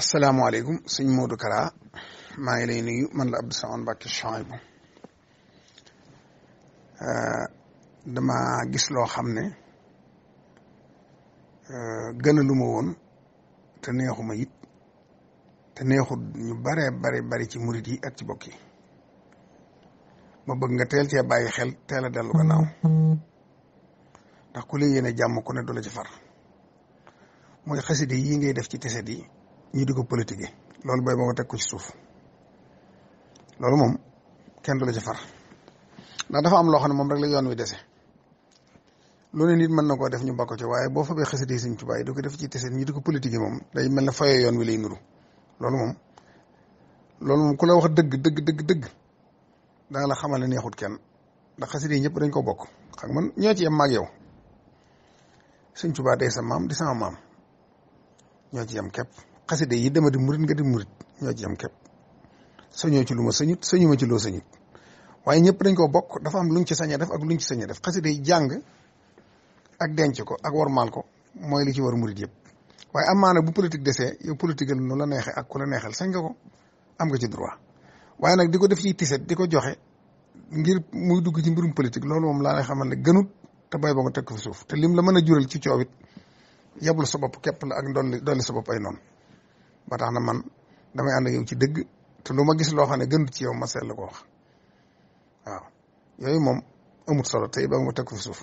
asalaamaaleykum suñ moodu Kara maa ngi lay nuyu man la Abdou Samane Mbacke Chouaïbou euh, dama gis loo xam ne euh, gën a ma woon te neexuma it te neexut ñu baree bari bari ci murit yi ak ci bokk yi ma bëgg nga teel cee xel teel a dellu gannaaw ndax ku la yéene jàmm ku ne du la ci far mooy xaside yi ngay def ci tese yi ñi di ko politique yi loolu booy moo ko teg ko ci suuf loolu moom kenn du la ci far ndax dafa am loo xam ne moom rek la yoon wi dese lu ne nit mën na koo def ñu bakko ci waaye boo fa bee xasida yi yi di ko def ci tese ñi di ko politique yi moom day mel ne fayoo yoon wi lay loolu moom ku la wax dëgg dëgg dëgg dëgg danga la xamal ne neexut kenn ndax yi ñëpp dañ ko bokk xam man ñoo ci yem maag yow Sëñ Tuubaa day sa maam di sama maam ñoo ci yem képp xasida yi dama di murit nga di murit ñoo ci yam képp sañoo ci lu ma sañut sañu ma ci loo sañut waaye ñëpp dañ koo bokk dafa am luñ ci sañee def ak luñ ci sañee def xasida yi jàng ak denc ko ak war maal ko mooy li ci war murit yëpp waaye am maa amaana bu politique desee yow politique al nu la neexe ak ku la neexal sañ nga ko am nga ci droit waaye nag di ko def ci tiset di ko joxe ngir muy dugg ci mbirum politique loolu moom laa lay xamal ne gënut te bay ba nga teg ko fi mën a jural ci coowit yabul sa bopp képp la ak dolli dolli sa bopp ay noonu bataax tax na man dama ànd ak yow ci dëgg te lu ma gis loo xam ne gënut ci yow ma seetlu ko wax waaw yooyu moom amut solo te ibamu teg ko fi suuf